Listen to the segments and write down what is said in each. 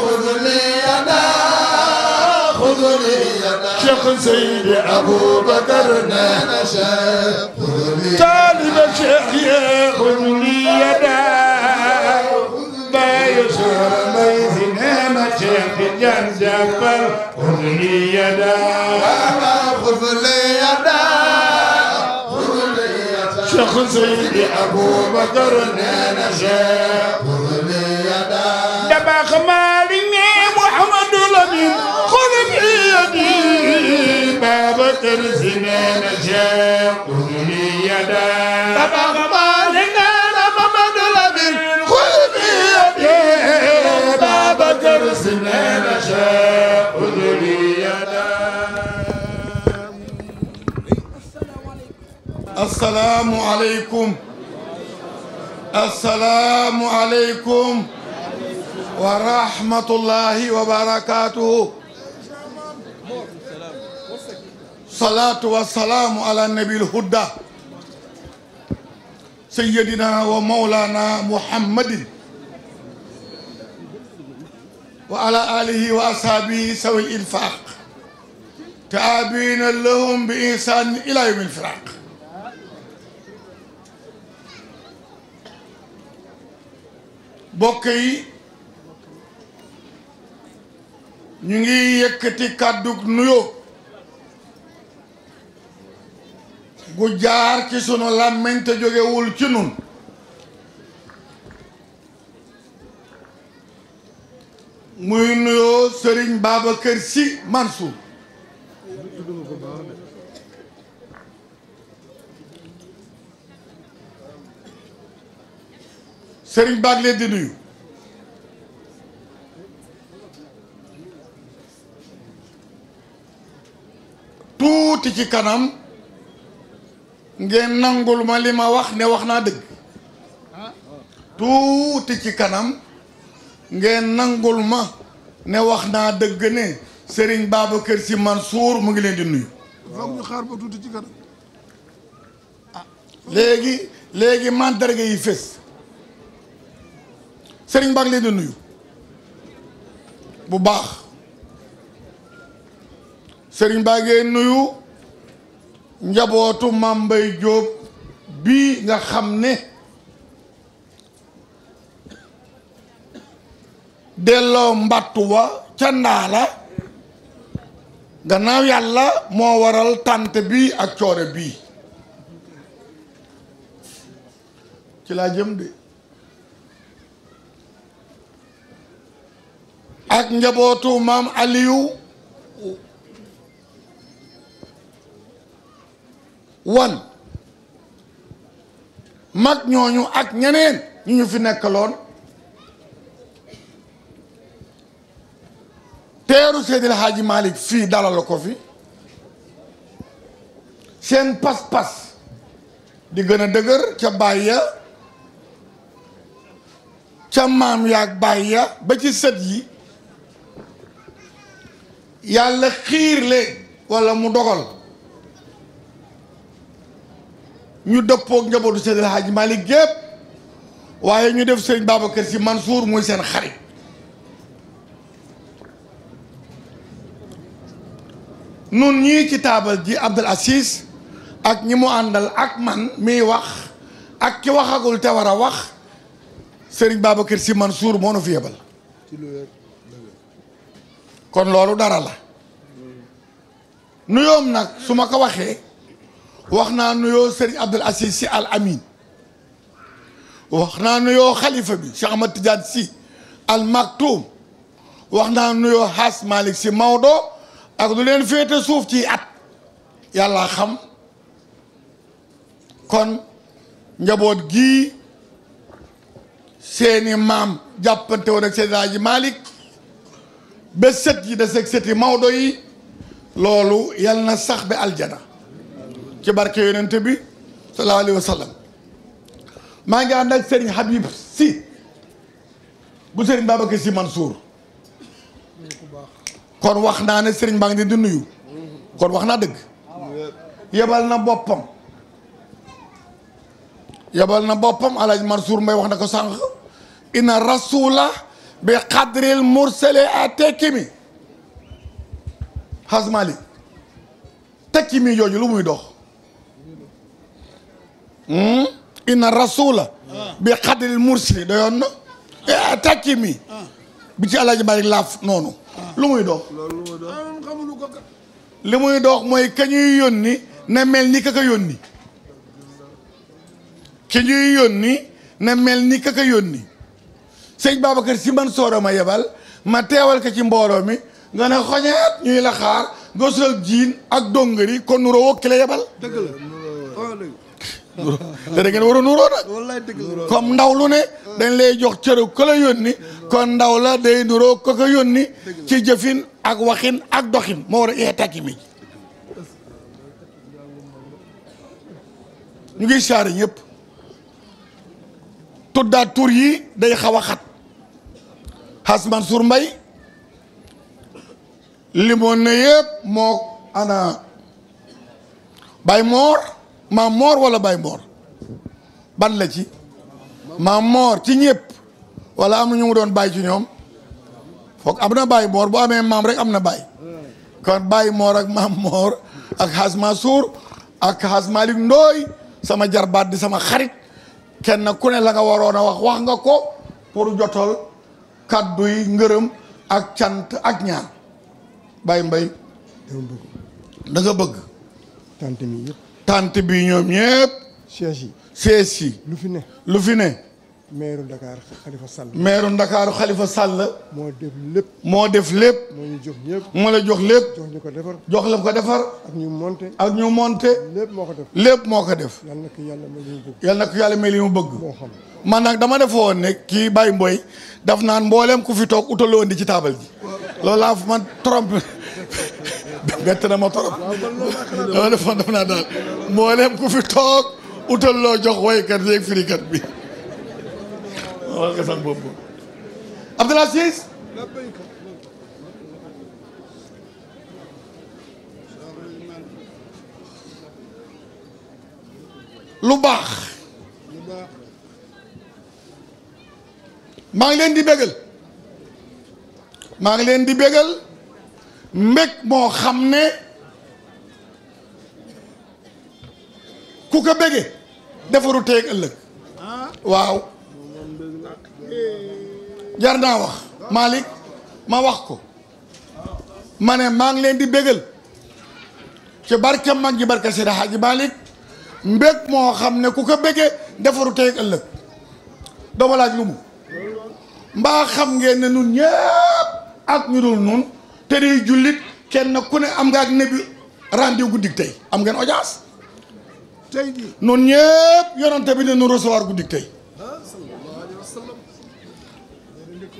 خذني يدا خذني يدا شيخ سيدي أبو بكر نانا خذني طالب الشيخ خذني يدا ما يشعر من هنا شيخ جان جعفر خذني يدا خذني يدا شيخ سيدي ابو بكر نانا شيخ دبا خما ترزنين جاء قدني يدا تبغى لنا محمد لمن خلقي بابا ترزنين جاء قدني يدا السلام عليكم السلام عليكم ورحمة الله وبركاته salaatu wa salaamu ala nabil huda sayyidina wa mawlana muhammadin wa ala alihi wa ashaabihi sawil infaq taabina lahum bi insaan ila yawmil firaq bokk yi ñu ngi yëkkati kàddug nuyoo gu jaar ci sunu làmmiñ te jógewul ci nun muy nuyoo Serigne Babacar Sy Mansour Serigne baag leen di nuyu tuuti ci kanam ngeen nangul ma li ma wax ne wax naa dëgg tuuti ci kanam ngeen nangul ma ne wax naa dëgg ne kër Babacar man Mansour mu ngi leen di nuyu. foog ñu xaar ba ah, léegi léegi mandarga yi fés Serigne baa ngi leen di nuyu bu baax Serigne baa ngeen nuyu. njabootu Mame Mbaye Diop bii nga xam ni delloo mbattu wa ca ndaala gannaaw yàlla moo waral tànt bi ak coore bii ci laa jëm de ak njabootu maam Aliou wan mag ñooñu ak ñeneen ñu ñu fi nekkaloon teeru Seydil Hadji Malick fii dalal ko fi seen pas-pas di gën a dëgër ca baay ya ca maam yaag baay ya ba ci sët yi yàlla xiir leen walla mu dogal ñu dëppoog njabootu Seydil Hadji Malick gépp waaye ñu def sëñ Babacar Sy Mansour muy seen xarit nun ñii ci taabal ji Abdoul Aziz ak ñi mu àndal ak man miy wax ak ki waxagul te war a wax sëriñ Babacar Sy Mansour moo nu fi kon loolu dara la nu nuyoom nag su ma ko waxee wax naa nuyoo Serigne Abdoul Aziz Sy Al Amine wax naa nuyoo xalifa bi Cheikh Ahmad Tidiane Sy Al Maktoum wax naa nuyoo Haas si Sy Maodo ak lu leen féete suuf ci at yàlla xam kon njaboot gii seeni maam jàppante woon ak seen Alaaji Malick ba sët yi da seeg sëti Maodo yi loolu yal na sax bi aljana ci barke yonent bi sallallahu alayhi maa ngi ànd ak Serigne Habib Sy bu Serigne Babacar Sy Mansour kon wax naa ne sëriñ baa ngi di nuyu kon wax naa dëgg yebal na boppam yebal na boppam alaaj Mansour may wax na ko sànq ina rasula bi xadril mursale a tekki mi xasmali tekki mi jooju lu muy dox Hmm? inna rasula bi xadril mursili doyoon na eh, eh, tàcci mi bi ci Alaaji Maalik laaf noonu lu muy dox li muy dox mooy ka ñuy yónni na mel ni ka ka yónni ki ñuy yónni na mel ni ka ka yónni sëñ Babacar Si Mansoor ma yebal ma teewal ko ci mbooloo mi nga ne xoñeet ñuy la xaar nga solal jiin ak dongari kon nuroo wokki la yebal te da ngeen war a nuuroo comme ndaw lu ne dañ lay jox cëru ko yónni kon ndaw la day nuroo ko yónni ci jëfin ak waxin ak doxin moo war a ee ñu ngi saari ñëpp tuddaat tur yi day xaw a xat xas Mansour mbay limoon na yëpp moo ana Baye maam moor wala bay mboor ban la ci maam moor ci ñëpp walla am ñu mu doon bàyyi ci ñoom foog am na bàyyi moor boo amee maam rek am na bàyyi kon bàyyi moor ak maam moor ak xaas Mansour ak xaas Malick Ndooy sama jarbaat di sama xarit kenn ku ne la nga waroon a wax wax nga ko pour jotol kaddu yi ngërëm ak cant ak ñaan bàyyi mbay da bëgg tant bi ñoom ñëpp. siège yi siège yi. lu fi ne lu fi ne. maire Dakar Khalifa Sall. maire Dakar Khalifa Sall. moo def lépp. moo def lépp. moo ñu jox ñëpp. moo la jox lépp. jox ñu ko defar. jox la ko defar. ak ñu monté. ak ñu monté. lépp moo ko def. lépp moo ko def. yal na ko yàlla may li mu bëgg. yàlla may li mu bëgg. moo xam man nag dama defoon ne kii Baye Mboy daf naan mbooleem ku fi toog utaloon di ci taabal ji. loolu laa man bett na ma torop dama defoon def naa daal ku fi toog utal loo jox woykat yeeg firikat bi wax nga sax boobu Abdoul Aziz lu baax maa ngi leen di bégal maa ngi leen di bégal mbég moo xam ne ku ko bége defaru teeg ëllëg waaw jar naa wax Malick ma wax ko ma ne maa ngi leen di bégal ci barke mag ji barke Seydi Hadji Malick mbég moo xam ne ku ko bége defaru teeg ëllëg dama laaj lu mu mbaa xam ngeen ne nun ñëpp ak ñu nun te day jullit kenn ku ne am nga ak nebi rendez-vous guddik tey am ngeen audience tey jii noonu ñëpp yonante bi ne nu recevoir guddik tey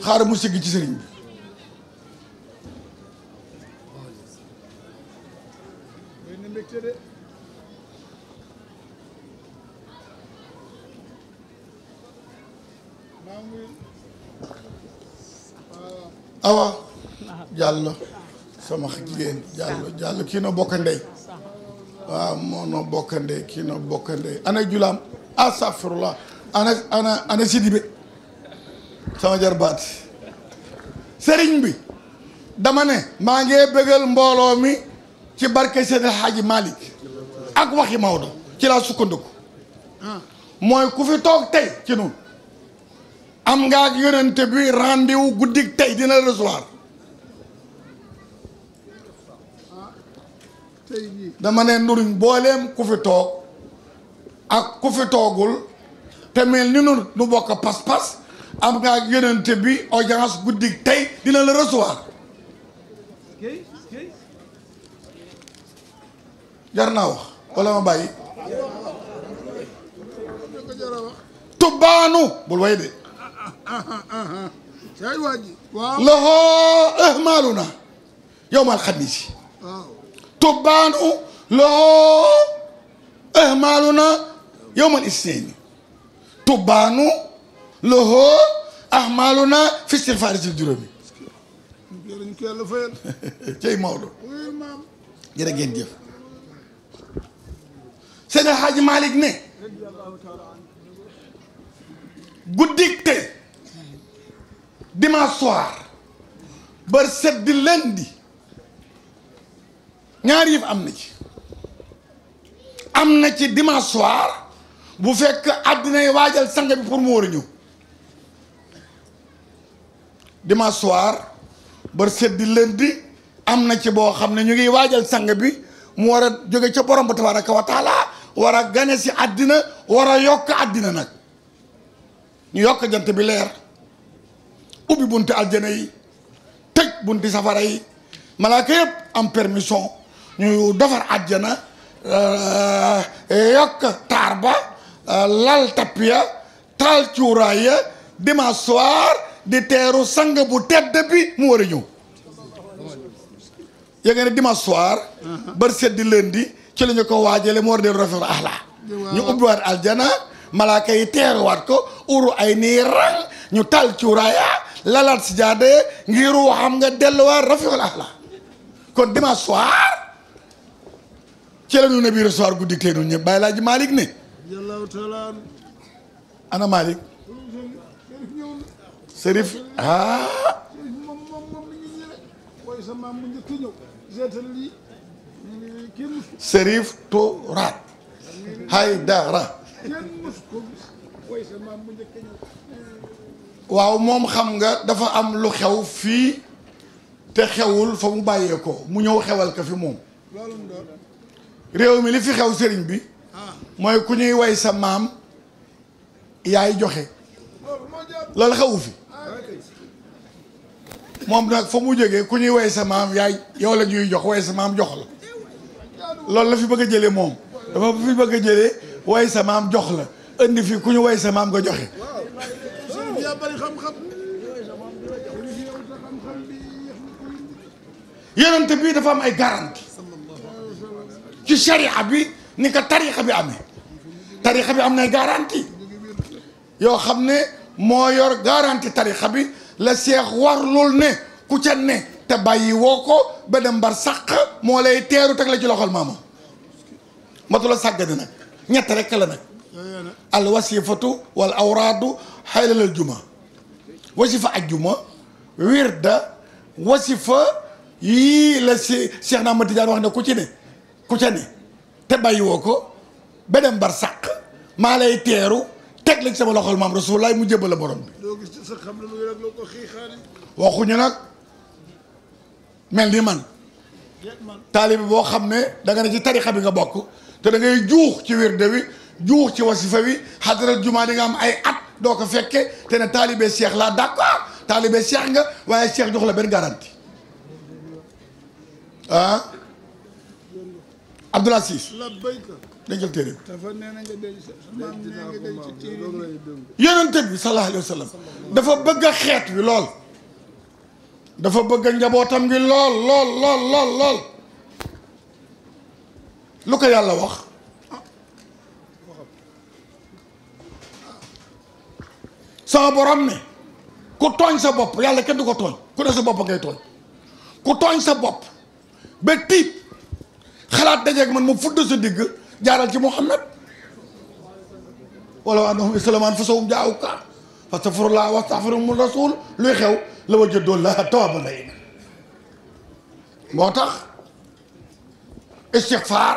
xaaral mu sigg ci sëriñ bi Diallo sama jigéen Diallo Diallo kii noo bokk ndey waaw moo noo bokk ndey kii noo bokk ndey ana julaam astafurlah ana ana ana Sidibé sama jarbaat sëriñ bi dama ne maa ngi bëggal mbooloo mi ci barke Seydi Hadji Malick ak waxi Maodo ci laa sukkandiku mooy ku fi toog tey ci noonu am nga ak bi rendez-vous guddik tey dina recevoir dama ne nduruñ booleem ku fi toog ak ku fi toogul te ni nu nu bokk pas-pas am nga ak bi audience guddig tey dina la recevoir jar naa wax wala ma bàyyi tubbaanu bul way de loxo ëh eh, na yow mal xadni si tubbaanu loo na yowmal isnaini tubbaanu loo na fi istigfaar si juróomi cey Maodo jërë ngeen jëf Seydi El Hadji Malick ne guddik tey dimanche soir bër set di ñaari yëf am na ci am na ci dimanche soir bu fekk àddinay waajal sang bi pour mu war a ñëw dimanche soir bër seddi lundi am na ci boo xam ne ñu ngi waajal sang bi mu war a jóge ca borom ba tabaraka wa war a gane si àddina war a yokk àddina nag ñu yokk jant bi leer ubbi bunti aljana yi tëj bunti safara yi malaaka yëpp am permission ñu defar at jana euh, yokk taar ba euh, lal tapp ya taal cuuraay ya dimanche soir di teeru sang bu tedd bi mu war a ñëw yéega ne dimanche uh-huh. ba bër seddi lundi ci la ko waajale mu war a dellu rafetlu ahla ñu ubbiwaat aljana malaaka yi teeruwaat ko uru ay nii rang ñu taal cuuraaya lalaat si ngir waxam nga delluwaat rafetlu ahla kon dimanche ci la ñu ne bii recevoir guddi tey ñun ñëpp bàyyi laa ji ne. ana Malick. Serif ah. Serif Touraat. waaw moom xam nga dafa am lu xew fii te xewul fa mu bàyyeekoo mu ñëw xewal ka fi moom. réew mi li fi xew sëriñ bi ah. mooy ku ñuy way sa maam yaay joxe loolu xewu fi moom nag fa mu jógee ku ñuy way sa maam yaay yow la ñuy jox way sa maam jox la loolu bëgg a jëlee moom dafa bëgg a jëlee way jox la indi fi ku ñu way sa maam nga joxe yenente bii dafa am ay garanti ci sharia bi ni ko tarixa bi amee tarixa bi am na garantie yoo xam ne moo yor garanti tarixa bi la seex warlul ne ku ci ne te bàyyi woo ko ba dem bar sàq moo lay teeru teg la ci loxol maama matu la sàggane nag ñett rekk la nag al wasifatu wal awraadu xaylalal juma wasifa ajjuma wirda wasifa yii la si Cheikh na Ahmad wax ne ku ci ne ku ca ne te bàyyiwoo woo ko ba dem bar sàq maa lay teeru teg lañ sama loxol maam rasulullah mu jëbal la borom bi. loo gis sa xam waxuñu nag mel ni man. taalibi boo xam ne danga ne ci tarixa bi nga bokk te da ngay juux ci wirde wi juux ci wasifa wi xadaral jumaa di nga am ay at doo ko fekke te ne taalibe cheikh laa d'accord taalibe cheikh nga waaye cheikh jox la benn garantie ah? Abdoul Aziz dañ jël téere bi sallallahu alayhi wa dafa bëgg xeet wi lool dafa bëgg njabootam gi lool lool lool lu ko yàlla wax sama borom ne ku tooñ sa bopp yàlla kenn du ko tooñ ku ne sa bopp ngay tooñ ku tooñ sa bopp ba tiit xalaat dajeeg man ma fudd sa digg jaaral ci Muhammad wala waa ndox mi Souleymane fa sowum jaaw ka fastaghfirullah wastaghfirhum rasul luy xew la wajadoo laa tawaaban rahiim moo tax istixfaar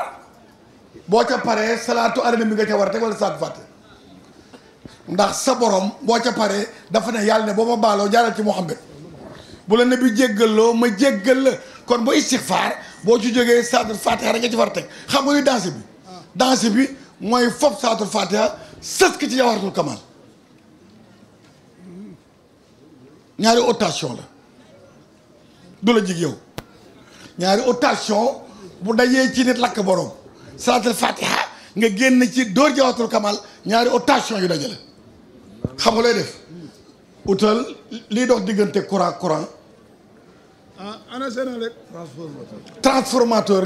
boo ca paree salaatu arami bi nga ca war a teg wala saatu fàtte ndax sa borom boo ca paree dafa ne yàlla ne boo ma baaloo jaaral ci Muhammad bu la ne bi ma jéggal la kon bu istixfaar boo ci jógee saatul fatiha rek nga ci war a teg xam nga ni bi ah. danse bi mooy fob saatul fatiha sës ki ci jawaratul kamal ñaari rotation la du la jig yow ñaari rotation bu dajee ci nit lakk borom saatul fatiha nga génn ci dóor jawaratul kamal ñaari rotation yi dajale xam nga lay def utal liy dox diggante courant courant ah ana transformateur. transformateur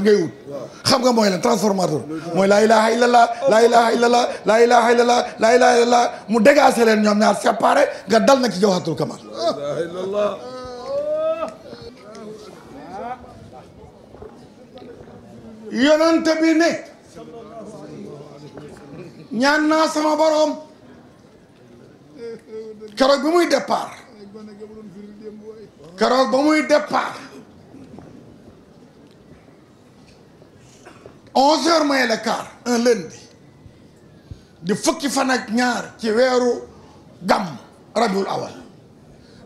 xam nga mooy lan transformateur. mooy laa ilaha illallah laa ilaha illallah laa ilaha illallah laa ilaha illallah mu dégagé leen ñoom ñaar séparé nga dal na ci jawhatul kamal. Ah. yonent bi ne ñaan naa sama borom keroog bi muy départ. keroog ba muy départ onze heures moins la quart un lundi di fukki fan ak ñaar ci weeru gàmm rabiul awal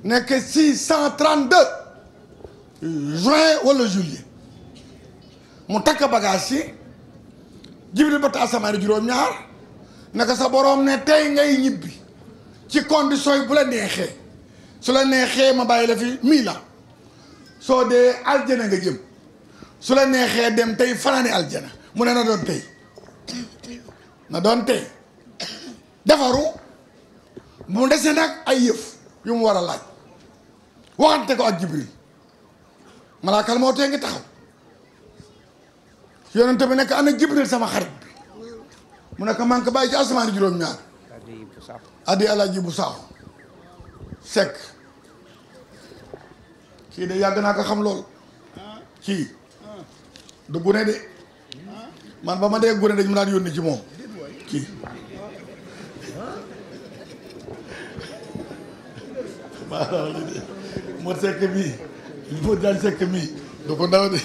nekk six cent trente-deux juin wala juillet mu takk bagage yi jibril ba ta asamaan juróom-ñaar naka sa boroom ne tey ngay ñibbi ci condition yi bu la neexee su la neexee ma bàyyi la fi mii la soo dee aljana nga jëm su la neexee dem tey fanaani aljana mu ne na doon tey na doon tey defaru mu dese nag ay yëf yu mu war a laaj waxante ko ak jibril malaakal moo tee ngi taxaw yonente bi nekk ana jibril sama xarit bi mu ne ko man ko bàyyi ci asamaani juróom-ñaar addi alaaji bu saaxu sekk kii de yàgg naa ko xam lool kii du gune de man ba ma dee gune de ñu naan yónni ci moom kii maanaam li de moo sekk mii moo daan sekk mii du ko ndaw de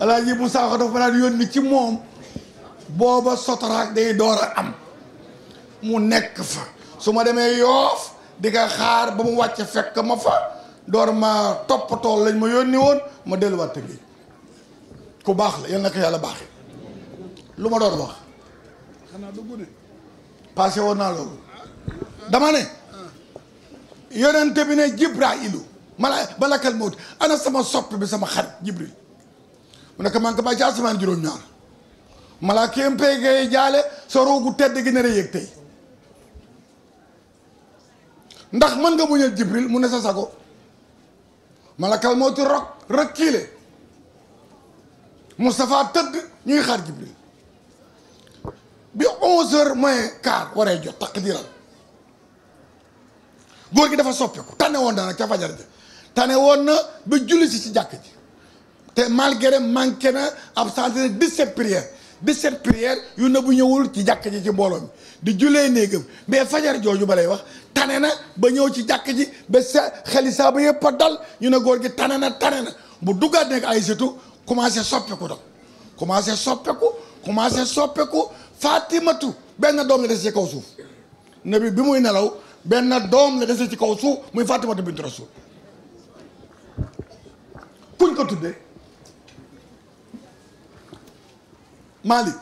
alaaji mu saaxo dafa ma daan yónni ci moom booba sotoraak day door a am mu nekk fa su ma demee yoof di ko xaar ba mu wàcc fekk ma fa door ma toppatoo lañ ma yónni woon ma delluwaat tëngeej ku baax la yal na ko yàlla baax lu ma doon wax xanaa dugg de passé woon naa loolu dama ne yonente bi ne jibrailu mala balakal mawti ana sama sopp bi sama xarit jibril mu ne man ka bàyyi ci asamaan juróom-ñaar malaa kéem peegee jaale sa roogu tedd gi nar a yéeg tey ndax mën nga muñal jibril mu ne sa sago malakal moo ti rok reculer Moustapha tëdd ñuy xaar Jibril bi onze heures moins quart waree jot takk diral góor gi dafa soppeeku tane woon daanaka ca fajar ja tane woon na ba julli si ci jàkk ji te malgré manqué na absenté na dix-sept prières dix-sept prières yu ne ñëwul ci jàkk ji ci mbooloo mi di jullee néegam mais fajar jooju ba lay wax tane na ba ñëw ci jàkk ji ba sa xeli saa ba yëpp a dal ñu ne góor gi tane na tane na bu duggaat nekk ay situ commencé soppeku dog commencé soppeku commencé soppeku Fatimatu benn doom la des ci kaw suuf nabi bi muy nelaw benn doom la des ci kaw suuf muy Fatimatu bintu Rasul kuñ ko tuddee Malick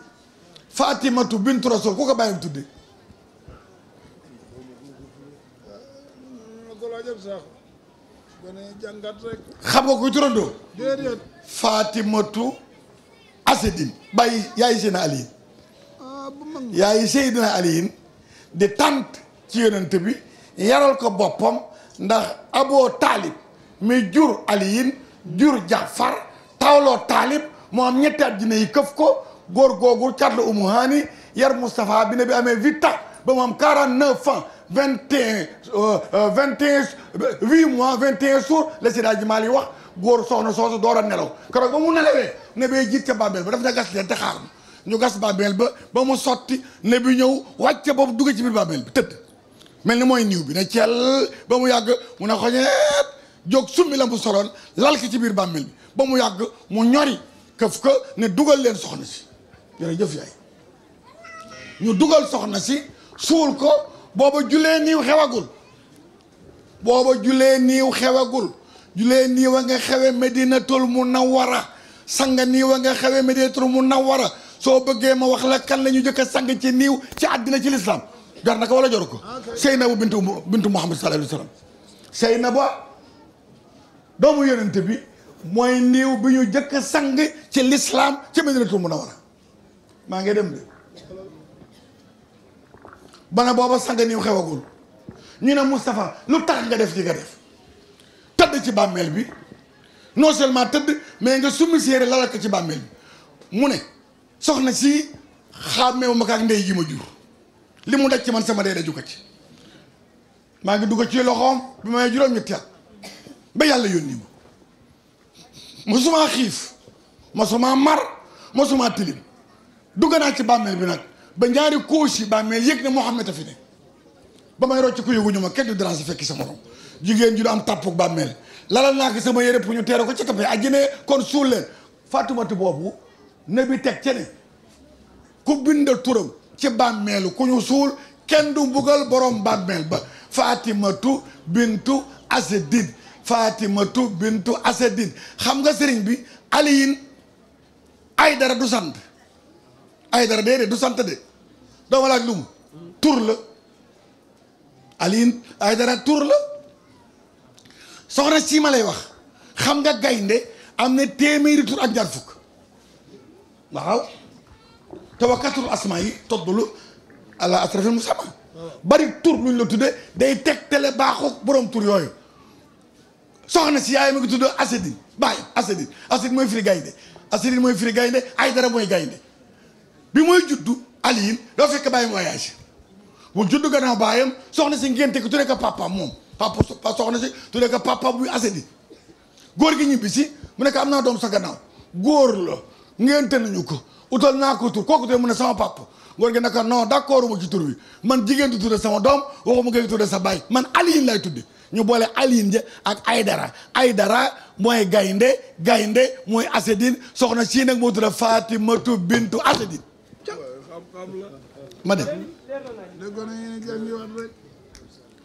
Fatimatu bintu Rasul ku ko bàyyam tudde mm, xam nga kuy turandoo Fatimatu asidin bàyyi yaayi Seydina Aliyin ah, yaayi Seydina Aliyin di tant ci yonent bi yaral ko boppam ndax Aboo Taalib mi jur Aliyin jur Jaafar tawloo Taalib moo am ñetti àddina yi këf ko góor googu Thierno Oumou Hani yar Moustapha bi ne bi amee huit ans ba mu am quarante neuf ans vingt et un euh, euh, vingt et un huit mois vingt et un jours la si daal ji maa wax góor soxna soosu door a nelaw keroog ba mu nelawee ne bee jiit ca bàmmeel ba daf na gas leen te xaar ñu gas bàmmeel ba ba mu sotti ne bi ñëw wàcce boobu duggee ci biir bàmmeel bi tëdd mel ni mooy niw bi ne ceel ba mu yàgg mu ne xoñeet jóg summi la mu soloon lal ki ci biir bàmmeel bi ba mu yàgg mu ñori këf ka ne dugal leen soxna si jërëjëf ñu dugal soxna si suul ko booba julee niiw xewagul booba julee niiw xewagul julee niiw a nga xewe medinatul munawwara sanga niiw a nga xewe medinatul munawwara soo bëggee ma wax la kan la ñu jëkk sang ci niiw ci àddina ci lislaam jar na ko wala jaru ko ah, Seynabu bintu bintu Muhammad sallallahu alayhi wa sallam Seynaba doomu yonente bi mooy niiw bi ñu jëkk a sang ci lislaam ci medinatul munawwara maa ngi dem de ba booba sang niw xewagul ñu ne Moustapha lu tax nga def li nga def tëdd ci bàmmeel bi non seulement tëdd mais nga summi séeré lalal ko ci bàmmeel bi mu ne soxna si xàmmeewu ma ko ak ndey ji ma jur li mu daj ci man sama dee daju ko ci maa ngi dugg ci loxoom bi may juróom-ñetti at ba yàlla yónni ma masumaa xiif masumaa mar masumaa tilim dugg naa ci bàmmeel bi nag ba ñaari couche yi bàmmeel yëg ne xam a fi ne ba may rocc ku yëguñu ma kenn du dara si fekki sa morom jigéen ji du am tàppuk bàmmeel lalal naa ko sama yére pour ñu teere ko ci ak ajjine kon suul leen fàttumatu boobu ne teg ci ne ku bindal turam ci bàmmeelu ku ñu suul kenn du mbugal borom bàmmeel ba fatimatu bintu asadin fatimatu bintu asadin xam nga sëriñ bi aliyin ay dara du sant Aydara déedéet du sant de dama laaj lu mu tur la Alioune Aydara la soxna si ma lay wax xam nga gaynde am na téeméeri tur ak ñaar fukk waaw te wakkatul asmaa yi toddulu ala asrafil musamma bari tur luñ la tudde day teg tele baaxu borom tur yooyu soxna si yaay ma ngi tudd Asedin bàyyi Asedin Asedin mooy firi gaynde Asedin mooy firi gaynde Aydara mooy gaynde bi mooy juddu Alioune doo fekk bàyyi voyage bu juddu gannaaw baayam soxna si ngénte ko tuddee ko papa moom papa soxna si tuddee ko papa bu asedi góor gi ñibbi si mu nekk am naa doom sa gannaaw góor la ngénte nañu ko utal naa ko tur kooku tuddee mu ne sama papa góor gi naka non d'accord ma ci tur bi man jigéen di tudde sama doom waxuma ngay tudde sa baay man Alioune lay tudde ñu boole Alioune ja ak Aydara Aydara mooy gaynde gaynde mooy Asedine soxna si nag moo tudde Fatimatu bintu Asedine ma dem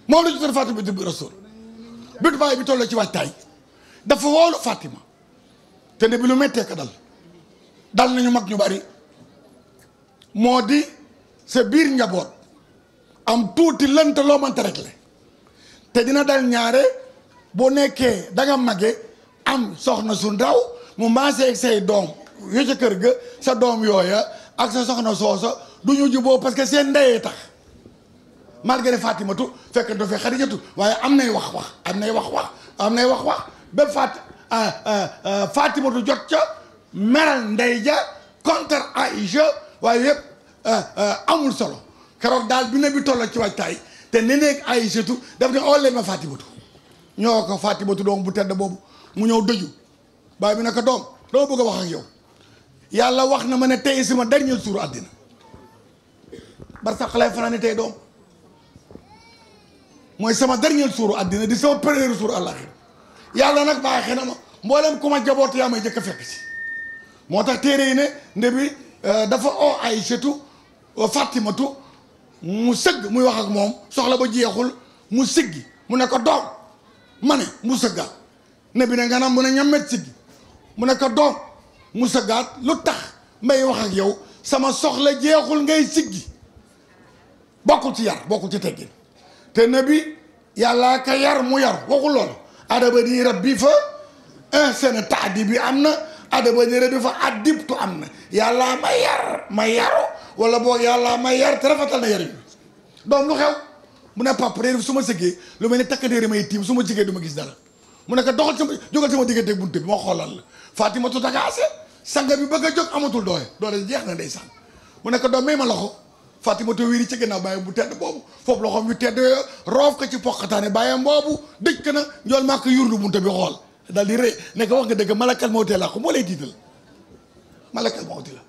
moom la jotoon Fatima di rasul bi baay bi tolloo ci waajtaay dafa woolu Fatima te ne bi lu mettee ka dal dal nañu mag ñu bari moo di sa biir njaboot am tuuti lënt loo mënta rek la te dina dal ñaare boo nekkee danga mage am soxna su ndaw mu maasee ak say doom yo ca kër ga sa doom yooya ak sa soxna soosa du ñu juboo parce que seen ndeyee tax malgré Fatimatu fekk dafay Xadijatu waaye am nay wax wax am nay wax wax am nay wax wax ba Fat ah, ah, ah, Fatimatu jot ca meral ndey ja contre Aïcha waaye yëpp amul solo keroog daal bi ne bi toll ci waajtaay te ne neeg Aïchatu daf ne ool leen ma Fatimatu ñoo ko Fatimatu doom bu tedd boobu mu ñëw dëju baay bi ne ko doom dama bëgg a wax ak yow yàlla wax na ma ne tey si ma dernier jour àddina barsax lay fanaan tey doom mooy sama dernier jour àddina di sama premier jour àllaaxira yàlla nag baaxee na ma mboolem ku ma jaboot yaa may jëkk a fekk si moo tax téere yi ne ndebi euh, dafa oo Aysatu fàttimatu mu sëgg muy wax ak moom soxla ba jeexul mu siggi mu nekk doom ma ne mu sëgga ne bi ne nga naan mu ne ñammet siggi mu ne doom mu sa Gaat lu tax may wax ak yow sama soxla jeexul ngay siggi bokkul ci yar bokkul ci teggin te nabi yàllaa ka yar mu yar waxul loolu adaba di rabbi fa un seen taadi bi am na adaba di rabbi fa addibtu am na yàllaa ma yar ma yaru wala boog yàllaa ma yar te rafetal na yar yi doom lu xew mu ne papa su ma sëggee lu mel ne takkandeeri may tiim su ma jigee du ma gis dara mu ne ko doxal sama jógal sama diggante buntu bi ma xoolal la Fatimatu Dagaase sanga bi bëgg a jóg amatul doole doole jeex na ndeysaan mu ne ko doom may ma loxo Fatimatu wéri ci gannaaw bàyyi bu tedd boobu foofu loxoom yu tedd roof ko ci poqataane bàyyam boobu dëj ko na njool maa ko yurdu xool daal di rëy ko wax nga dëgg malakal mawti laa ko moo lay tiital malakal mawti la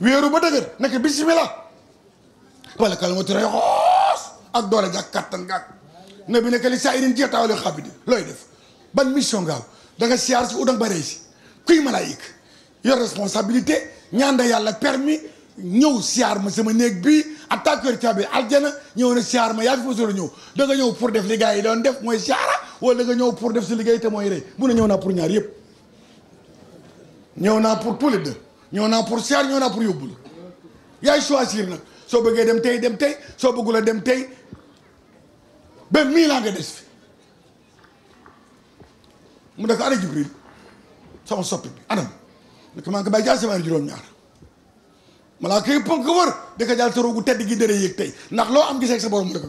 wéeru ba dëgër ne ko bismillah malakal mawti rey ak doole jàk kattan gaak ne bi ne ko li saa irin jeetaaw li xabidi looy def ban mission ngaaw da nga siyaar si ou da nga baree si kuy malaayik yor responsabilité ñaan yàlla permis ñëw siyaar ma sama néeg bii attaqueur caabi aljana ñëw na siyaar ma yaa fi ma solo ñëw da nga ñëw pour def li yi doon def mooy siyaara wala da nga ñëw pour def si liggéey te mooy rey mun na ñëw naa pour ñaar yëpp ñëw naa pour tous les deux ñëw naa pour siyaar ñëw naa pour yóbbul yaay choisir nag soo bëggee dem tey dem tey soo bëggula dem tey ba mille ans nga des fi mu dekk ko ana Jibril sama soppi bi anam ne ko maa ñaar malaaka yi ponk wër di ko jaal toro gu tedd gi dëree yéeg tey ndax loo am gisee sa borom mu ne ko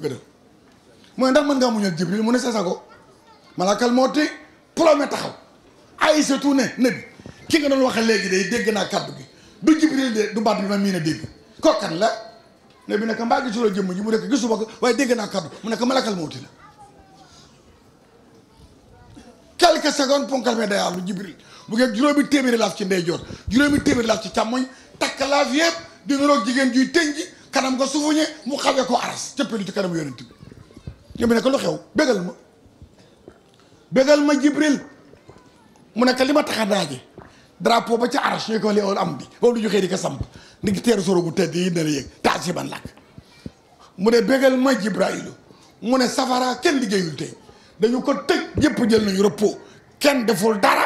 mooy ndax mën ngaa muñal Jibril mu ne sa sago malaakal moo te plomé taxaw ay surtout ne nabi ki nga doon waxe léegi day dégg naa kàddu gi du Jibril de du baat bi ma miin a dégg la nabi ne ko mu ne ko gisu waaye dégg naa kàddu mu ne ko malaakal moo ti la quelques secondes ponkal me day àllu jibril bu ngeen juróomi téeméeri laaf ci ndeyjoor juróomi téeméeri laaf ci càmmoñ takk laaf yëpp di niroog jigéen juy tënji kanam ko sufuñe mu xawee ko aras cëppelu ci kanam yonent bi yéen ne ko ma bégal mu nekk li ma tax a ba ca aras ñu ko li am bi boobu du ñu di ko samp ndi ngi teeru sorogu tedd yi dana yëg taas yi ban mu ne bégal ma jibrailu mu ne safara kenn liggéeyul tey dañu ko tëj jëpp jël nañu repos kenn deful dara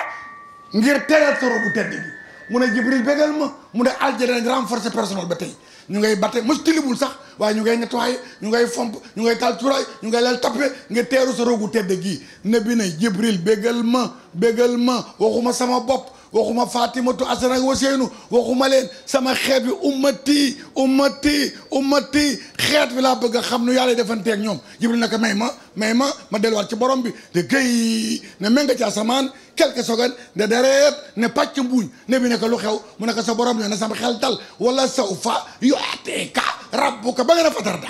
ngir tere toro bu tedd bi mu ne Jibril bégal ma mu ne Algérie nañ renforcer personnel ba tey ñu ngay batte mos tilibul sax waaye ñu ngay nettoyé ñu ngay fomp ñu ngay taal cuuraay ñu ngay lal tappe nga teeru sa roogu tedd gii ne bi ne Jibril bégal ma bégal ma waxuma sama bopp waxuma fatimatu asan ak waseenu waxuma leen sama xeet bi ummati ummati ummati xeet bi laa bëgg a xam nu yàlla defanteeg ñoom jibril naka may ma may ma ma delluwaat ci borom bi de gëy ne mé ci asamaan quelques secondes ne dereet ne pàcc mbuuñ ne bi naka lu xew mu naka sa borom ne na sama xel dal wala saw fa yu'tika rabbuka ba nga a fatar da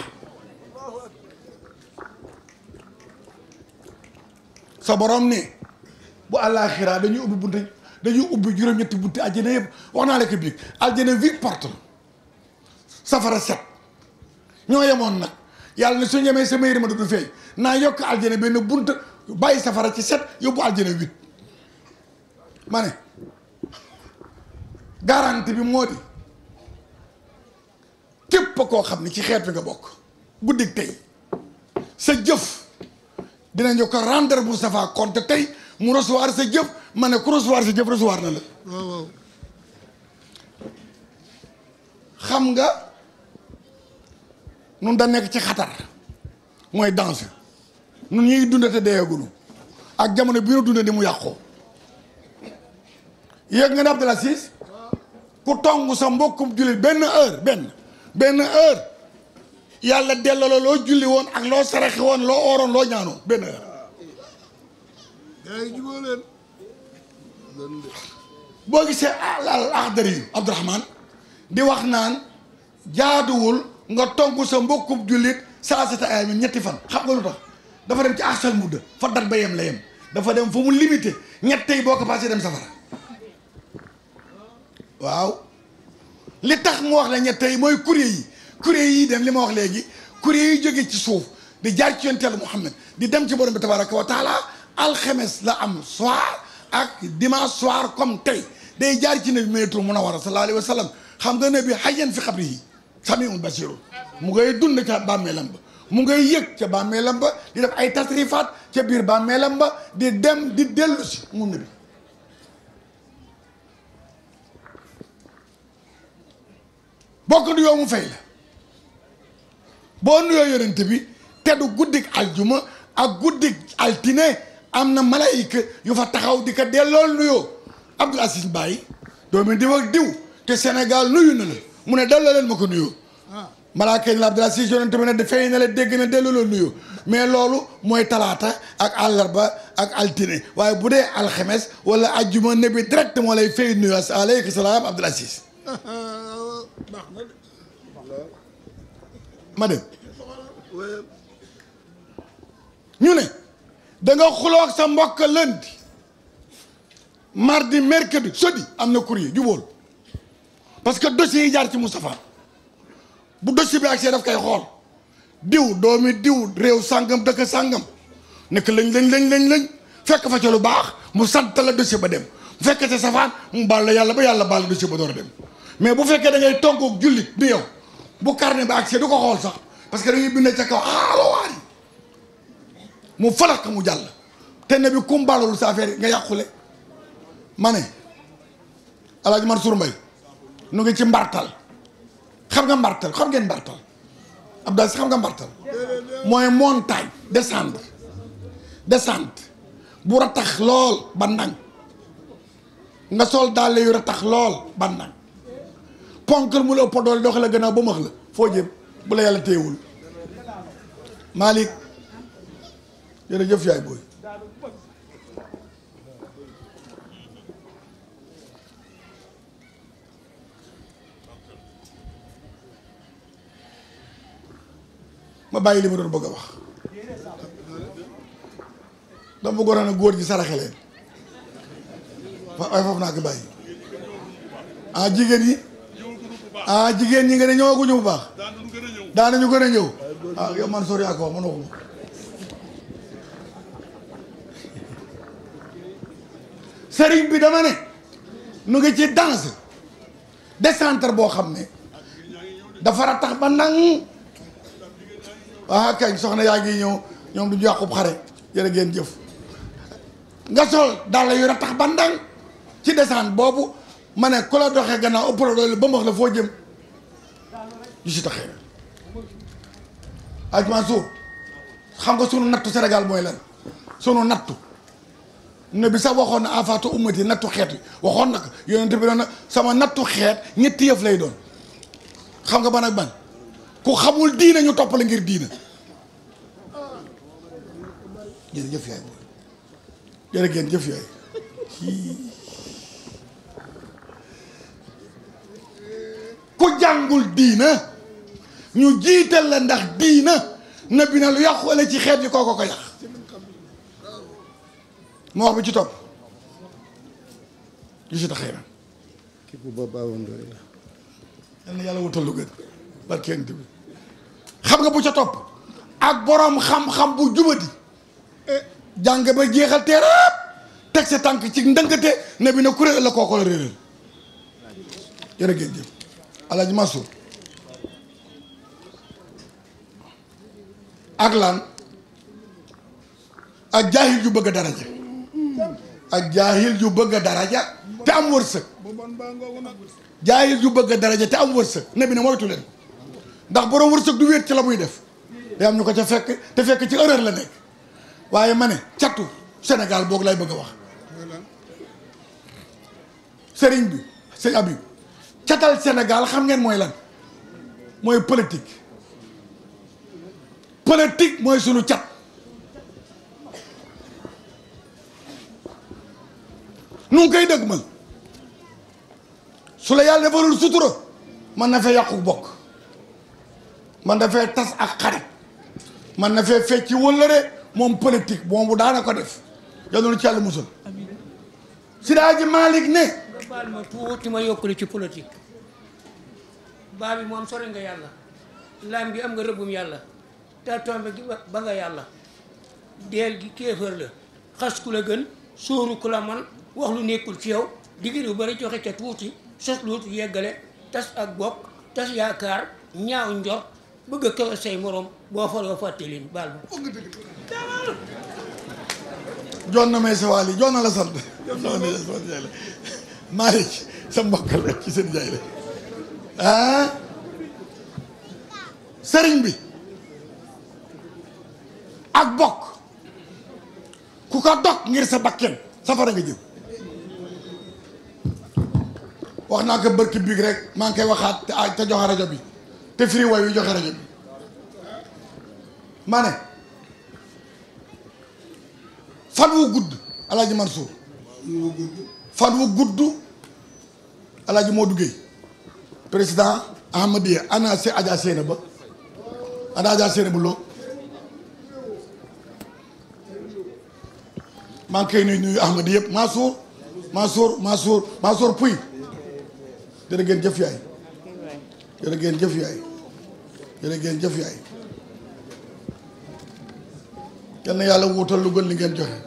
sa borom ne bu àllaaxiraa dañuy ubbi bunte dañu ubbi juróom-ñetti bunti àjjana yëpp wax naa la ko biig àjjana huit porte safara set ñoo yemoon nag yàlla ne su ñemee sama yërma du feeñ naa yokk àjjana benn bunt bàyyi safara ci set yóbbu àjjana huit ma ne garanti bi moo di képp koo xam ne ci xeet bi nga bokk guddig tey sa jëf dinañu ko rendre Moustapha Konté tey mu recevoir sa jëf ma ne ku recevoir sa jëf recevoir na la waaw xam nga nun da nekk ci xatar mooy danse nun ñuy dundate deeyaguñu ak jamono bi ñu dunda di mu yàqoo yéeg nga ne Abdou Aziz ku tongu sa mbokkum jullit benn heure benn benn heure yàlla delloo la loo julli woon ak loo saraxi woon loo ooroon loo ñaanoon yaa ngi boo gisee al axdar yi Abdourahman di wax naan jaaduwul nga tonk sa mbokkub jullit salasata ayaamin ñetti fan xam nga lu tax dafa dem ci axsal mudda fa dat ba yem la yem dafa dem fu mu limité ñettey boo ko passé dem safara waaw li tax mu wax la ñettey mooy kuré yi kuré yi dem li ma wax léegi kuré yi jóge ci suuf di jaar ci yonteelu Muhammad di dem ci borom bi tabaraka wa taala alxemes la am soir ak dimanche soir comme tey day jaar ci nabi maytul munawwara sallallahu alayhi wa sallam xam nga nabi hayyan fi xabrihi samiun basirun mu ngay dund ca bàmmeelam ba mu ngay yëg ca bàmmeelam ba di def ay tasrifaat ca biir bàmmeelam ba di dem di dellu si mu nabi bokk du yow mu la boo nuyoo yonent bi te du guddik aljuma ak guddik altine am na malayka yu fa taxaw di ko dellool nuyoo Abdou Aziz Mbaye doomi diw ak diw te Sénégal nuyu na la mu ne delloo leen ma ko nuyoo ah. malaaka yi la Abdou Aziz yonente bi ne dafay ne la dégg na delloo la nuyoo mais loolu mooy talaata ak àllarba ak altine waaye bu dee alxemes wala ajjuma nebi direct moo lay fay nuyoo aleyka salaam Abdou ma dem ñu ne da nga xuloog sa mbokk lundi mardi mercredi jeudi am na courrier jubóol parce que dossier yi jaar ci Moustapha bu dossier bi ak accès daf koy xool diw doomi diw réew sàngam dëkk sàngam nekk lañ lañ lañ lañ lañ fekk fa ca lu baax mu santal la dossier ba dem bu fekkee sa safaan mu baal la yàlla ba yàlla baal la dossier ba door a dem mais bu fekkee da ngay tonkoog jullit ni yow bu carnet ba accès du ko xool sax parce que dañuy bind ca kaw aaluwaay ah, mu falax ko mu jàll te ne bi kum baalul sa affaire nga yàqule ma ne Alaaji Mansour Mbaye nu ngi ci mbartal xam nga mbartal xam ngeen mbartal Abdoulaye si xam nga mbartal mooy montagne descendre descente bu ratax lool ba ndang nga sol daal yu ratax lool ba ndang ponkal mu la ëpp doole doxale gannaaw ba max la foo jëm bu la yàlla téewul Malick jërëjëf yaay booy ma bàyyi li ma doon bëgg a ba dama bëggoon a ne góor gi saraxe leen waaye naa ko bàyyi ah, jigéen yi ah, jigéen ñi nga ne ñëwaguñu bu baax daanañu gën a ñëw ah yow man sori ak wax man sëriñ bi dama ne nu ngi ci danse décentre boo xam ne dafa ratax ba nang waa ah, kañ soxna yaa ngi ñëw ñoom du ñu yàqub xare jërë ngeen jëf nga sol daal yu ratax ba nang ci descente boobu ma ne ku la doxee gannaaw ëpp la doole ba mbax la foo jëm ñu si taxee aj Mansour xam nga sunu nattu Sénégal mooy lan sunu nattu ne sax waxoon na afaatu ummati nattu xeet yi waxoon nag ko yonent bi doon sama nattu xeet ñetti yëf lay doon xam nga ban ak ban ku xamul diina ñu topp ngir diina jërëjëf yaay booy jërë ngeen jëf yaay ñu jiital la ndax diina na na lu yàqu ci xeet yi kooko ko moo wax bi ci topp yu si taxee na képp xam nga bu ca topp ak boroom xam bu jubadi eh, jàng ba jeexal teeraat teg sa tànk ci ndënkate ne bi la kooku la réeréer ak lan ak ju bëgg a daraja ak jaahil yu bëgg a daraja te am wërsëg jaahil yu bëgg a daraja te am wërsëg nabi ne moytu leen ndax borom wërsëg du wéet ci la muy def day am ñu ko ca fekk te fekk ci erreur la nekk waaye ma ne catu Sénégal boog lay bëgg a wax sëriñ bi sëñ Abib catal Sénégal xam ngeen mooy lan mooy politique politique mooy sunu cat nu ngi koy dëgmal su la yàlla defalul sutura man na fee yàqu bokk man na tas ak xarit man na fee fecci wëllëre moom politique moom bu daana ko def yal na ci yàlla musal Sidaaji Malick ne nga baal ma ci nga yàlla laam gi am nga rëbbum yàlla taltombe ba nga yàlla deel gi kéefër la xas ku la gën sóoru ku la man wax lu nekkul ci yow digir bu bari joxe ca tuuti sos luut yeggale tas ak bokk tas yaakaar ñaaw njor bëgg a kawe say morom boo faroo fàtte leen baal bi joon na may sawaal yi joon na la sant Malick sa mbokk la ci seen jaay la ah? sëriñ bi ak bokk ku ko dog ngir sa bakken safara nga jëm wax naa ko bërki biig rek maa ngi koy waxaat te joxe rajo bi te firi way wi joxe rajo bi ma ne fan wu gudd alaaji Mansour fan wu gudd alaaji Modou Gueye président Ahmadie ana si Adja Séné ba ana Adja Séné bu loo maa ngi koy nuyu nuyu Ahmadie yëpp Mansour Mansour Mansour Mansour Pouy jërë ngeen jëf yaay a ngeen jëf yaay jërë ngeen jëf yaay yal na yàlla wuutal lu gën li ngeen joxe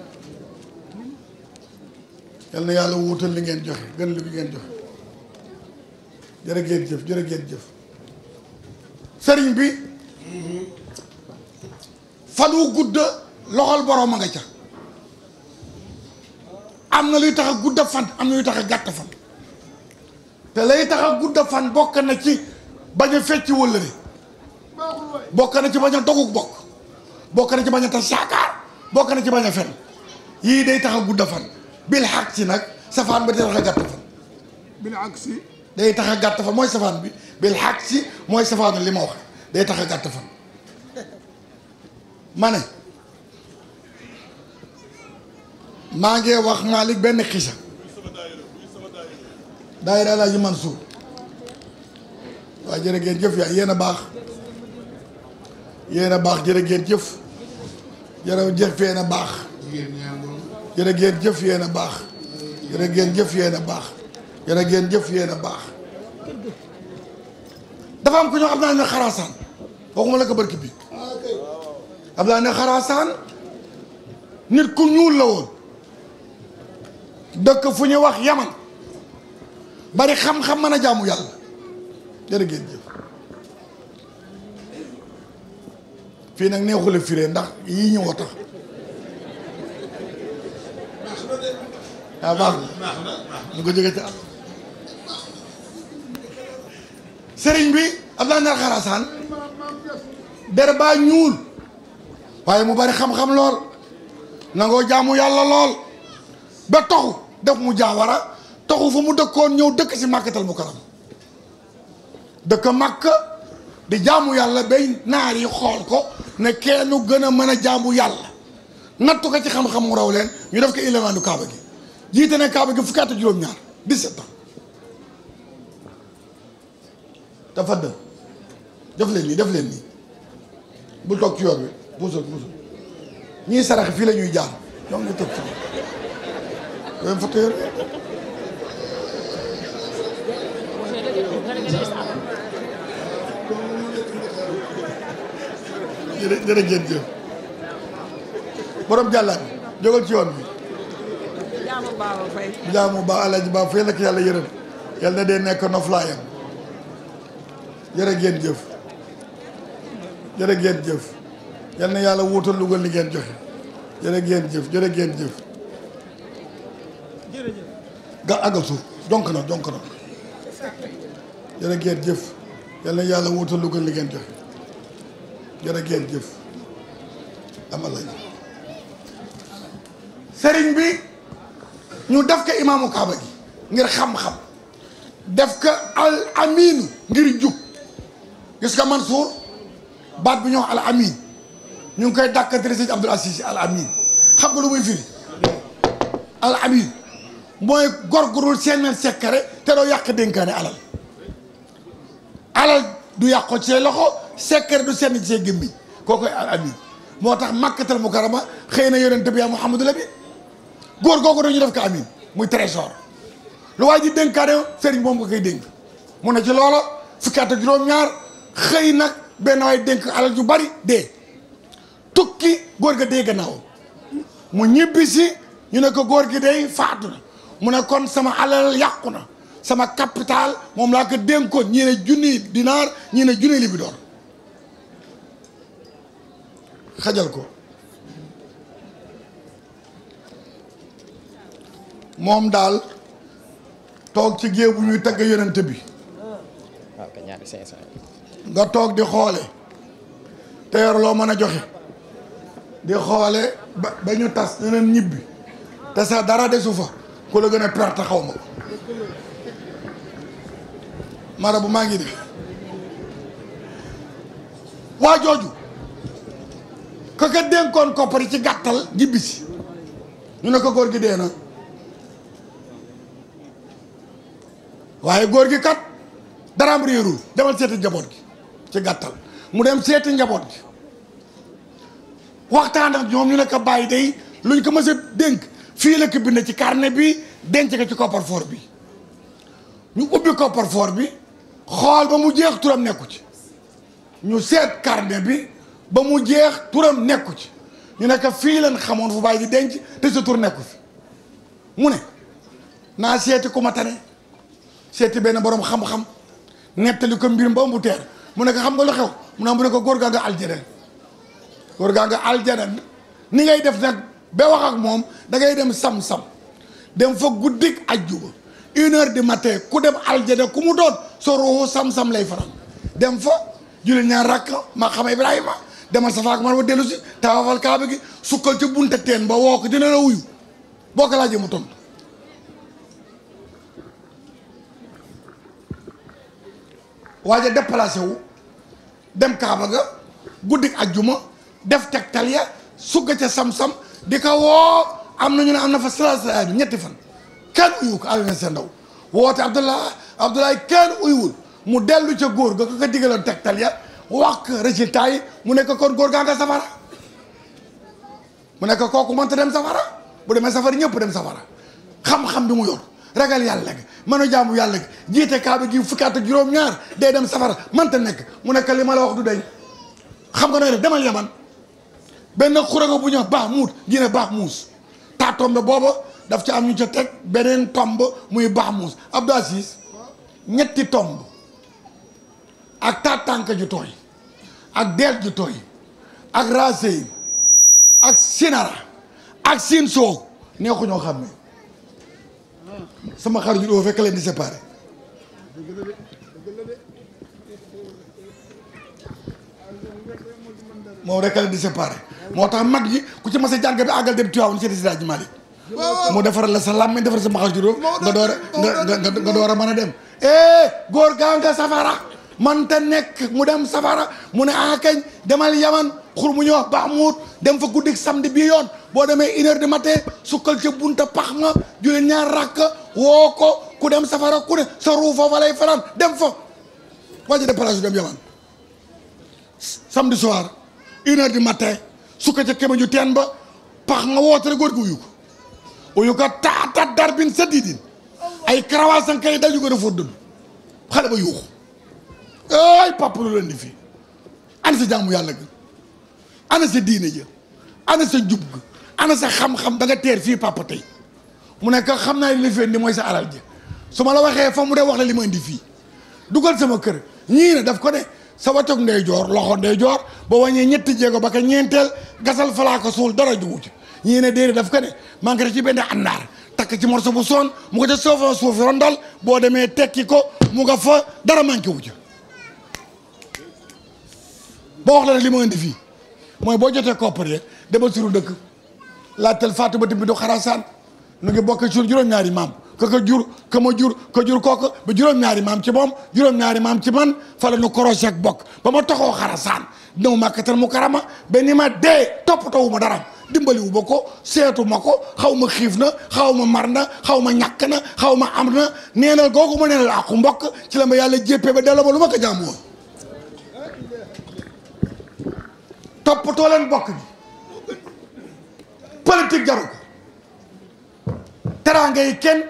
yal na yàlla wuutal li ngeen joxe gën li ngeen joxe jërë jëf jërë ngeen jëf sëriñ bi fan wu gudd loxol borom a nga ca am na luy tax a gudd fan am na luy tax a gàtt fan te lay tax a fan bokk na ci bañ a fecc wëllëre bokk na ci bañ a dogug bokk bokk na ci bañ a tas yaakaar bokk na ci bañ a fen yii day tax a gudd fan bil xaq si nag safaan bi day tax gàtt fan si day tax a gàtt mooy safaan bi bil xaq mooy safaanu li ma wax day tax a gàtt fan ma ne maa ngi wax Malick benn xisa daayira Alaaji Mansour waa jërë ngeen jëf yaa yéen a baax yéen a baax jër ngeen jëf jërë jëf yéen a baax jërë ngeen jëf yéen a baax jërë ngeen jëf yéen a baax jërë ngeen jëf yéen a baax dafa am ku ñoo xam naa ne xaraasaan waxuma la ko barki bi xam naa ne xaraasaan nit ku ñuul la woon dëkk fu ñu wax yamal bari xam-xam mën a jaamu yàlla jërë ngeen jëf fii nag neexul a firee ndax yii ñëwoo tax ah baax ci sëriñ bi Abdoulaye Nar Xarasaan der baa ñuul waaye mu bari xam-xam lool nangoo jaamu yàlla lool ba toxu def mu jaawara taxu fa mu dëkkoon ñëw dëkk si màkkatal mu karam dëkk màkk di jaamu yàlla bay naar yi xool ko ne keenu gën a mën a jaamu yàlla nattu ko ci xam-xam mu raw leen ñu def ko ilémaanu kaaba gi jiite ne kaaba gi fukki at juróom-ñaar 17 ans dafa dë def leen nii def leen nii bu toog ci yoon bi buusal buusal ñii sarax fii la ñuy jaar ñoom ñu toog ci yoon yooyu jërë jërë ngeen jëf borom jàllaat jógal ci yoon bi. jaamu baax a fay. baax alaaji baax nag yàlla yërëm yàlla na dee nekk noflaayam jërë ngeen jëf jërë ngeen jëf yal yàlla wuutal lugal li ngeen joxe jërë ngeen jëf jërë ngeen jëf. jërëjëf. ga àggal suuf jonk na jonk na. jërë ngeen jëf yal yàlla wutal lu gën li ngeen joxe jërë ngeen jëf amal lañ sëriñ bi ñu def ko imaamu kaaba gi ngir xam-xam def ko al aminu ngir jub gis nga Mansour baat bi ñu wax al amin ñu ngi koy dàkkanteel sëñ Abdul Aziz al amin xam nga lu muy firi al amin mooy góorgóorlu seen secret te doo yàq dénkaane alal alal du yàqoo ci loxo secret du senn ci gémmiñ kookoy al amin moo tax makkatal mukarama xëy na yonente bi yaa Muhammadu la bi góor googu dañu def ko amin muy trésor lu waa ji dénkaane sëriñ moom nga koy dénk mu ne ci loola fukki at juróom-ñaar xëy nag benn waay dénk alal ju bari dee tukki góor gi dee gannaaw mu ñibbi si ñu ne ko góor gi day faatu na mu ne kon sama alal yàqu na sama capital moom laa ko dénkoon ñii ne junni dinaar ñii ne junni li bi door xajal ko moom daal toog ci géew bu ñuy tagg yonent bi ah, nga toog di xoole te yor loo mën a joxe di xoole ba ba ñu tas neneen ñibbi te sa dara desu fa ku la gën a perte xaw ma bu maa ngi de waa jooju ka ka dénkoon koppari ci gàttal jibbi si ñu ne ko góor gi dee na waaye góor gi kat daraam réerul demal seeti njaboot gi ci gàttal mu dem seeti njaboot gi waxtaan ak ñoom ñu ne ko bàyyi day luñ ko mës a dénk fii la ko bind ci carnet bi denc ko ci coffre-fort bi ñu ubbi coffre-fort bi xool ba mu jeex turam nekku ci ñu seet carnet bi ba mu jeex turam nekku ci ñu nekk fii leen xamoon fu bàyyi di denc te sa nekku fi mu ne naa seeti ku ma tane seeti benn boroom xam-xam nettali ko mbir ba mu teer mu ne ko xam nga lu xew mu ne mu ne ko góor gaa nga aljana góor ni ngay def nag ba wax ak moom da ngay dem sam-sam dem fa guddik ajjuba une heure du ku dem aljana ku mu doon soo ruuxu sam-sam lay faral dem fa julli ñaar rakk maa xam Ibrahima demal Safa ak Marwa dellu si kaaba gi sukkal ca bunta teen ba woo dina la wuyu boo ko waaja déplacé wu dem kaaba nga guddi ak juma def tegtal ya sugga ca sam-sam di ko woo am na ñu ne am na fa salaasalaay bi ñetti fan kenn uyu ko awena seen ndaw woote Abdallah Abdallah kenn uyuwul mu dellu ca góor ga ko ko digaloon tegtal ya wax résultat yi mu nekk kon góor gaa nga safara mu nekk kooku mënta dem safara bu demee safara ñëpp dem safara xam-xam bi mu ragal yàlla mën a jaamu yàlla gi jiite gi fukki at ak juróom-ñaar day mënta nekk mu nekk li ma la wax du day xam nga nooy def demal yaman benn xuraga bu ñu baax muut ñu ne baax muus taa tombe booba daf ca am ñu ca teg beneen tomb muy Bahmouz Abdou Aziz ñetti tomb ak tàtànk ju tooy ak deet ju tooy ak raseyin ak sinara ak sin soo neexu ñoo xam ne sama xar ju doo fekk leen di séparé di séparé moo tax mag ñi ku ci mas a jàng bi àggal dem Tiwaawan seeti si Daaj Malik mu defaral la sa làmmiñ defar sa maxas juróom nga door a nga nga door a mën a dem eh góor gaa nga safara man te nekk mu dem safara mu ne ah kañ demal yaman xur mu ñuy wax baax muut dem fa guddik samedi bii yoon boo demee une heure du matin sukkal ca bunta pax ma julli ñaar rakk woo ko ku dem safara ku ne sa ruu foofa lay fanaan dem fa waji de place dem yaman samedi soir une heure du matin ca kéma ju teen ba pax nga woote rek góor gu wuyu uyuka taata darbin sadidin ay karawaasan kay dal yu ko defoon dund xale ba yuuxu ay papa lu leen di fii ana sa jaamu yàlla ga ana sa diine ja ana sa jub ga ana sa xam-xam da teer fii papa tey mu nekk xam naa li fi indi mooy sa alal ja su ma la waxee fa mu dee wax la li ma indi fii dugal sama kër ñii ne def ko de sa waccoog ndey joor loxo ndey joor ba wàññee ñetti jéego ba ka ñeenteel gasal falaa ko suul dara jugu ci ñii ne déedéet daf ko ne manqué ci benn àndaar takk ci morso bu soon mu ko ca soofa suuf rondal boo demee tekki ko mu nga fa dara manqué wu ca boo wax la ne li ma indi fii mooy boo jotee koppar yeeg demal suru dëkk laajtal Fatou Bati bi du xarasaan nu ngi bokk sur juróom-ñaari maam ka ka jur ka ma jur ka jur kooku ba juróom-ñaari maam ci moom juróom-ñaari maam ci man fa la nu korosé bokk ba ma taxoo xarasaan new màkkatal mu karama ba ni ma dee topp wu ma dara dimbaliwu ba ko seetu ma ko xawma xiif na xaw ma mar na xaw ma ñàkk na xaw ma am na nee na googu ma nee na mbokk ci la ma yàlla jéppee ba delloo ma lu ma ko jaamu woon toppatoo leen bokk bi politique jarul teraanga yi kenn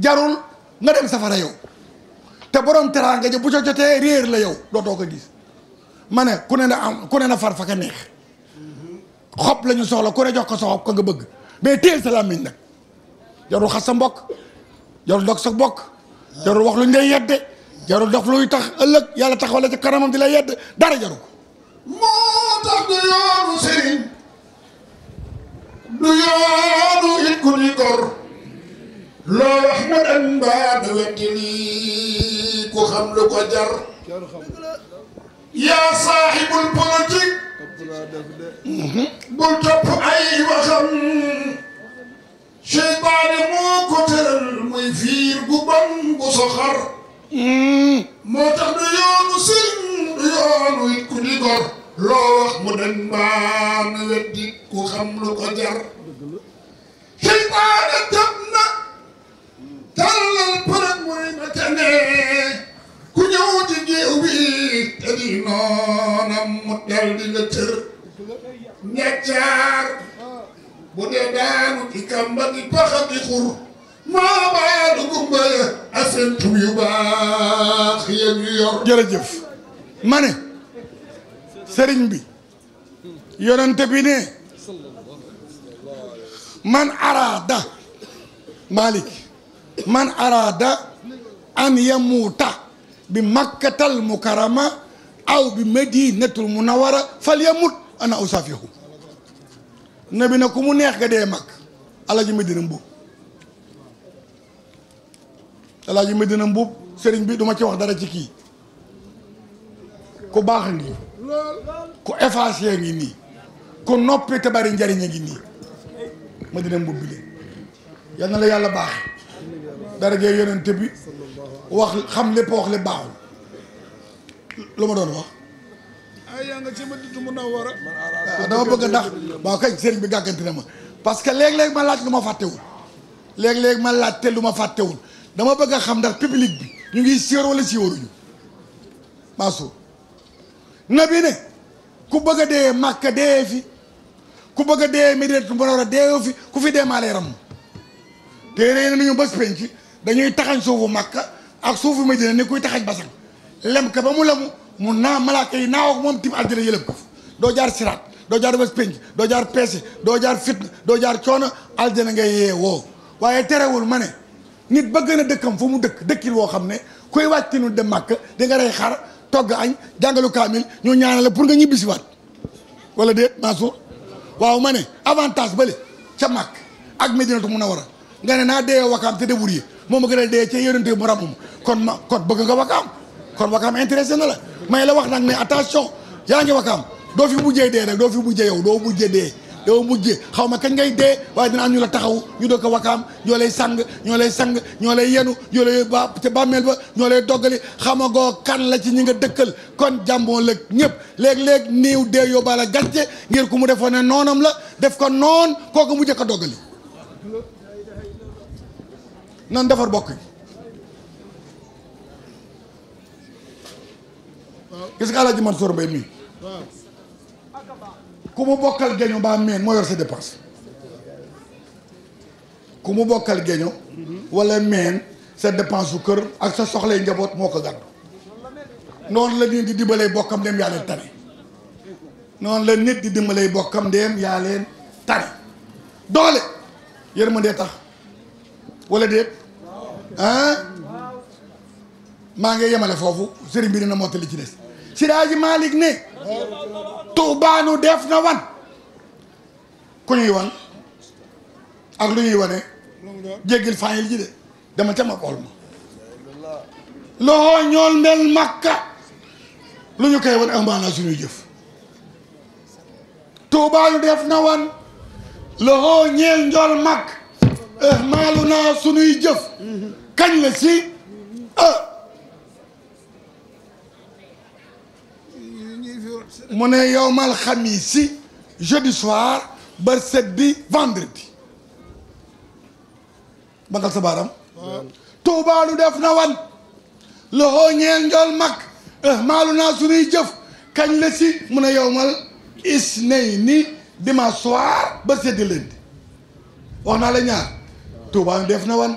jarul nga dem safara yow te borom teraanga ji bu ca jotee réer la yow dootoo ko gis mane ku ne na am ku ne na far fa ka neex xob la soxla ku ne jox ko sa xob ka nga bëgg mais téel sa làmmiñ nag jarul xas sa mbokk jarul dog sa mbokk jarul wax luñ lay yedde jarul dox luy tax ëllëg yàlla taxaw la ci kanamam di la yedd dara jaru ko moo tax du yoonu sëriñ du yoonu it ni gor loo wax ma dem mbaa du wetti ku xam lu ko jar yaa saaxibul politique mm-hmm. bul topp ay waxam seytaane moo ko tëral muy fiir gu bu soxar mm-hmm. moo tax du yoonu sëriñ du yoonu it ku di gor loo mu dem baa na weddi ku xam lu ko jar seytaane tëb na tàllal përëg muy na ku la tër ñaccaar bu dee daanu di kamba di paxa di xur maa baa du gumba ya asentum yu baax yor jërëjëf ma ne sëriñ bi yonente bi ne man araada malik man araada an yamuuta bi makkatal mukarama aw bi madinatul munawara fal yamut ana usafihu nabi na ku mu neex nga dee mag alaaji Medina Mbuub alaaji Medina Mbuub sëriñ bi duma ci wax dara ci kii ku baax ngi ku effacé ngi nii ku noppi te bari njariñ a ngi nii Medina Mbuub bi leen yal la yàlla baax daraja yonente bi wax xam lépp wax lépp baaxul lu ma doon wax. ay ah, yaa nga ci ma dudd a. Ah, ah, dama bëgg ndax waaw kay sëriñ bi gàggante na ma parce que léeg-léeg ma laaj lu ma fàttewul léeg-léeg ma laaj te lu ma fàttewul dama bëgg xam ndax public bi ñu ngi siwar wala siwaruñu Mansour nabi ne ku bëgg a dee Màkka dee fi ku bëgg a dee Medinatu Munawara dee fi ku fi dee maa lay ram téere yi ne ñu bés penc dañuy taxañ suufu Màkka ak suufu Medina ni kuy taxaj basan lem ka ba mu lemu mu naa malaaka yi naa wax moom tim aljana yëlëb ko doo jaar siraat doo jaar bés penc doo jaar peese doo jaar fitna doo jaar coono aljana nga woo waaye terewul ma ne nit ba gën a dëkkam fu mu dëkk dëkkil woo xam ne kuy wàccinu dem màkk di nga rey xar togg añ jàngalu kaamil ñu ñaanal pour nga ñibbisiwaat wala déet Mansour waaw ma ne avantage bële ca màkk ak mun a Munawara nga ne naa deeyoo wakaam te moo ma gënal dee ca yonente bi mu ràmm kon ma kon bëgg nga wakaam kon wakaam intéressé na la may la wax nag ne attention yaa ngi wakaam doo fi mujjee dee rek doo fi mujjee yow doo mujjee dee doo mujjee xaw ma kañ ngay dee waaye dina am ñu la taxaw ñu doo ko wakaam ñoo lay sang ñoo lay sang ñoo lay yenu ñoo lay ba ca bàmmeel ba ñoo lay doggali xamagoo kan la ci ñi nga dëkkal kon jàmboo lëg ñëpp léeg-léeg niiw dee yóbbaale gàcce ngir ku mu defoon ne noonam la def ko noon kooku mu jëkk a doggali nan defar bokk yi gis nga Alaaji Mansour Mbaye mii ku mu bokkal géño mbaa meen moo yor sa dépense ku mu bokkal géño wala meen sa dépense su kër ak sa soxlay njaboot moo ko gàddu noonu la nit di dimbalee bokkam dem yaa leen tane noonu la nit di dimbalee bokkam dem yaa leen tax wala déet maa ngi yemale foofu sëriñ bi dina li ci des Siraaji Malik ne tuubaanu def na wan ku ñuy wan ak lu ñuy wane jéggil fayil ji de dama ca ma bool ma loxoo ñool mel makka lu ñu koy wan ambaana suñuy jëf tuubaanu def na wan loxoo ñeel njool makk eh, maalu naa suñuy jëf kañ la si ah. mu ne yowmal xamiisi jeudi soir ba seddi vendredi bangal sa baaram tuubaa lu def na wan loxoo ñeel njool mag eh, maalu naa sunuy jëf kañ la si mu ne yowmal isnayni dimanche soir ba seddi lundi wax naa la ñaar tuubaa lu def na wan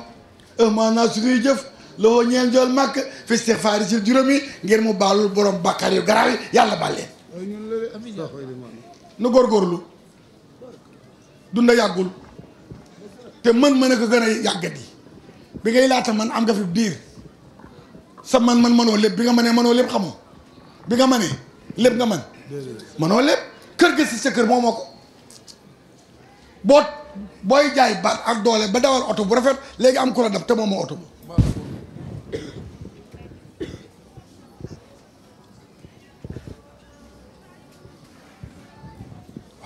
naa su koy jëf loo ñeel njool màkk fi istighfaar si juróomi ngir mu baalul borom bàkkaar yu garaaw yi yàlla bàlleen nu góorgóorlu dunda yàggul te mën mën a ko gën a yàggat yi bi ngay laata man am nga fi biir sa man man mënoo lépp bi nga mënee mënoo lépp xamoo bi nga mënee lépp nga mën mënoo lépp kër gi si sa kër moomoo ko booy jaay baat ak doole ba dawal oto bu rafet léegi am ku la dab te moom moo oto ba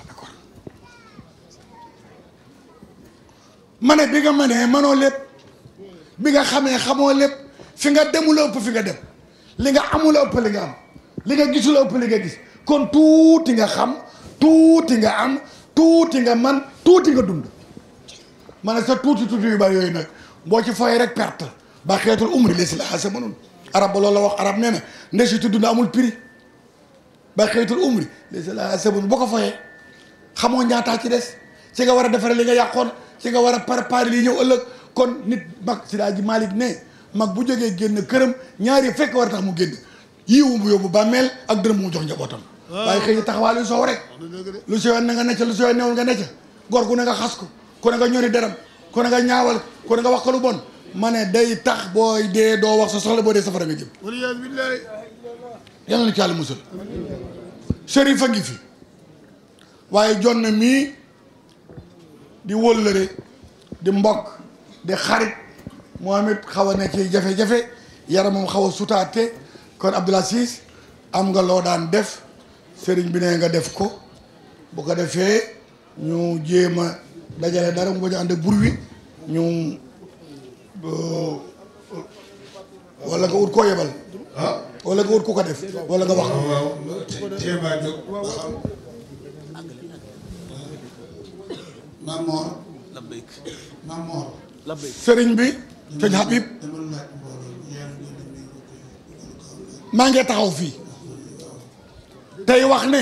d'accord ne bi nga mënee mënoo lépp bi nga xamee xamoo lépp fi nga demula ëpp fi nga dem li nga amula ëpp li nga am li nga gisula ëpp li nga gis kon tuuti nga xam tuuti nga am tuuti nga man tuuti nga dund man ne sa tuuti tuuti yu bari yooyu nag boo ci foxee rek perte ba xeetul umri la si la xase mënul arab la wax arab nee na ndesitu dund amul prix ba xeetul umri la si la xase mënul boo ko fooyee xamoo ñaataa ci des ci nga war a defaree li nga yàqoon ci nga war a par préparer li ñëw ëllëg kon nit mag si daa ji Malick ne mag bu jógee génn këram ñaari fekk war tax mu génn yiwu mu yóbbu bàmmeel ak dërëm mu jox njabootam waaye xëy taxawaa lu soow rek lu sooyoon na nga necc lu sooyoon newul nga necc gor gu ne nga xas ko ku ne nga ñori deram ku ne nga ñaawal ku ne nga wax ko lu bon ma ne day tax booy dee doo wax sa soxla boo dee safara nga jëm yal na ci yàlla musal Chérif a ngi fi waaye jonn mii di wóllëre di mbokk di xarit moom it xaw a nekk ci jafe-jafe yaramam xaw a sutaate kon Abdoul Aziz am nga loo daan def sëriñ bi ne nga def ko bu ko defee ñu jéem a dajale dara mu bañ a ànd ak bur ñu euh, wala nga ut koo yebal. wala nga ko def. wala nga wax. waaw waaw sëriñ bi. sëñ Habib. maa ngi taxaw fii. tey wax ne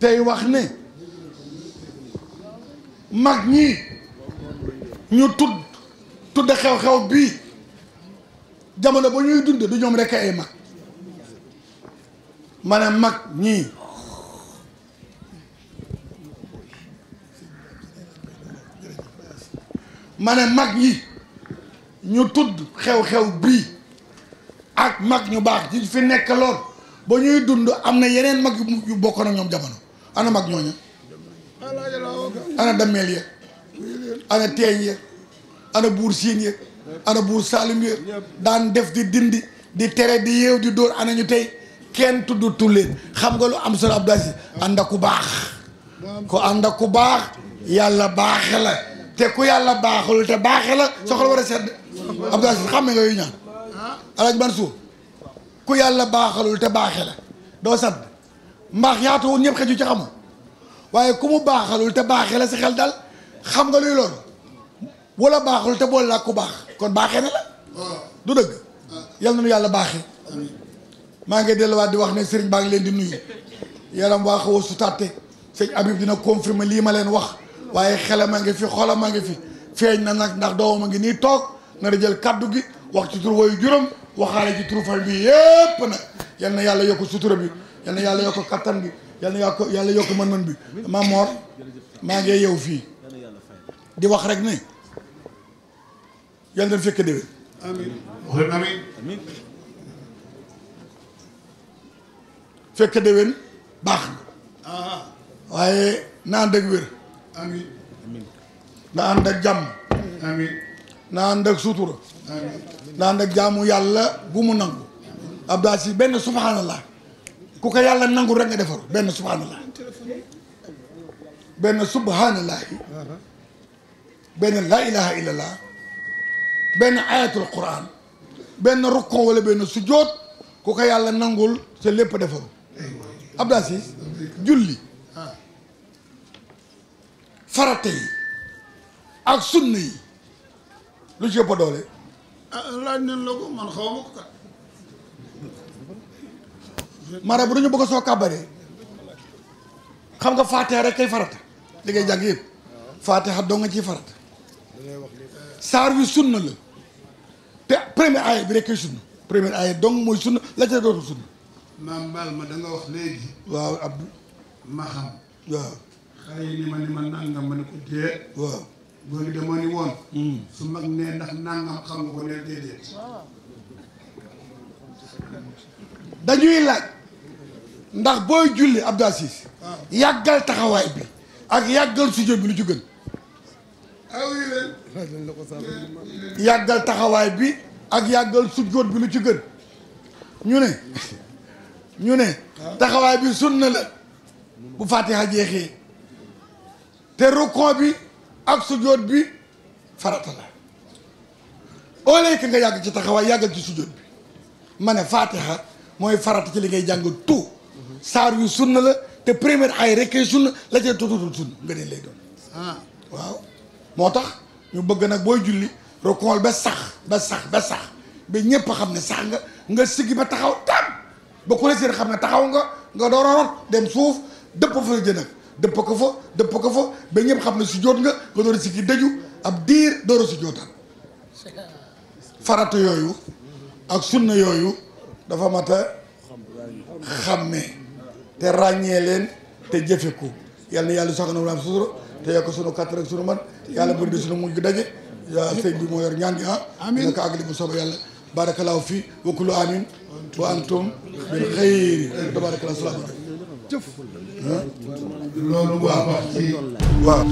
tey wax ne mag ñi ñu tudd tudd xew-xew bii jamono ba ñuy dund du ñoom rekk ay mag ma ne mag ñii ma mag ñi ñu tudd xew-xew bii ak mag ñu baax ci fi nekk lool ba ñuy dund am na yeneen mag yu bokkoon na ñoom jamono ana mag ñooña ana dammeel ya ana teeñ ya ana buur siin ya ana buur saalum ya daan def di dindi di tere di yeew di dóor ana ñu tey kenn tudd tulleen xam nga lu am sol Abdou Aziz ànd ak ku baax ku ànd ak ku baax yàlla baaxe la te ku yàlla baaxul te baaxe la soxla war a sedd Abdou Aziz nga yooyu ñaan alaaj Mansour ku yàlla baaxalul te baaxe la doo sant mbaax yaatuwul ñëpp xeju ci xamu waaye ku mu baaxalul te baaxe la si xel dal xam nga luy loolu wala baaxul te boole laa ku baax kon baaxee na la du dëgg yal na nu yàlla baaxee maa ngi delluwaat di wax ne sëriñ baax ngi leen di nuyu yaram waa xaw su tàtte sëñ Habib dina confirmer lii ma leen wax waaye xelam a ngi fi xolam a ngi fi feeñ na nag ndax doomam a ngi nii toog nar a jël kaddu gi wax ci tur woyu waxaale ci turufal bi yépp nag yal na yàlla yokk sutura bi yal na yàlla yokk kattan bi yal na yàlla yokk mën-mën bi ma moor maa ngi yow fii di wax rek ne yal na fekk déwén amiin amiin fekk déwén baax na waaye na ànd wér amiin na jàmm amiin na sutura ndax nag jaamu yàlla bu mu nangu abdou aziz benn subhanallah ku ko yàlla nangu rek nga defaru benn subhanallah benn subhanallah benn laa ilaha illallah benn ayatul quran benn rukkon wala benn sujoot ku ko yàlla nangul sa lépp defaru abdou aziz julli farata ak sunna yi lu ci ëpp doole ah laaj nañ la ko man xaw ma ko kat. mara bu dañu bëgg soo kàbbaree xam nga faatiha rek kay farata li jàng yëpp faatiha doo nga ciy farata saar wi sunna la te premier aaya bi rek kay sunna premier aaya dong mooy sunna la ca dootu sunna maam baal ma da nga wax léegi waaw Abdou ma xam waaw xale yi ni ma ni ma nangam ma ne ko dee waaw góor gi dama ni hmm. ndax nangam xam nga dañuy laaj ndax booy julli Abdou Aziz. Ah. yàggal taxawaay bi ak yàggal sujjóot bi lu ci gën. Ah yàggal taxawaay bi ak yàggal sujjóot bi lu ci gën ñu ne ñu ne ah. taxawaay bi sunna la bu Fatiha jeexee te rukoo bi. ak sujjóot bi farata la au lieu nga yàgg ci taxawaay yàggal ci sujjóot bi ma ne faatiha mooy farata ci li ngay jàng tout saar yu sunna la te première ay rekkee sunna la cee tututul sunna nga ne lay doon ah. waaw moo tax ñu bëgg nag booy julli rokool ba sax ba sax ba sax ba ñëpp xam ne sax nga nga siggi ba taxaw tam ba ku la seen xam ne taxaw nga nga dooroon dem suuf dëpp fa jën ak dëpp ko fo dëpp ko fa ba ñëpp xam ne su joot nga nga door a sikki dëju ab diir door a su farata yooyu ak sunna yooyu dafa mat a xàmmee te ràññee leen te jëfe ko yàlla na yàlla soxna wala am sutura te yokk sunu kàttan ak mujj daje yaa sëñ bi moo yor ñaan gi ah amiin ko àggali bu soobee yàlla barakallahu fii wa kullu amin wa antum bil xayri tabarakallah salaam jëf loolu waa wax ci waaw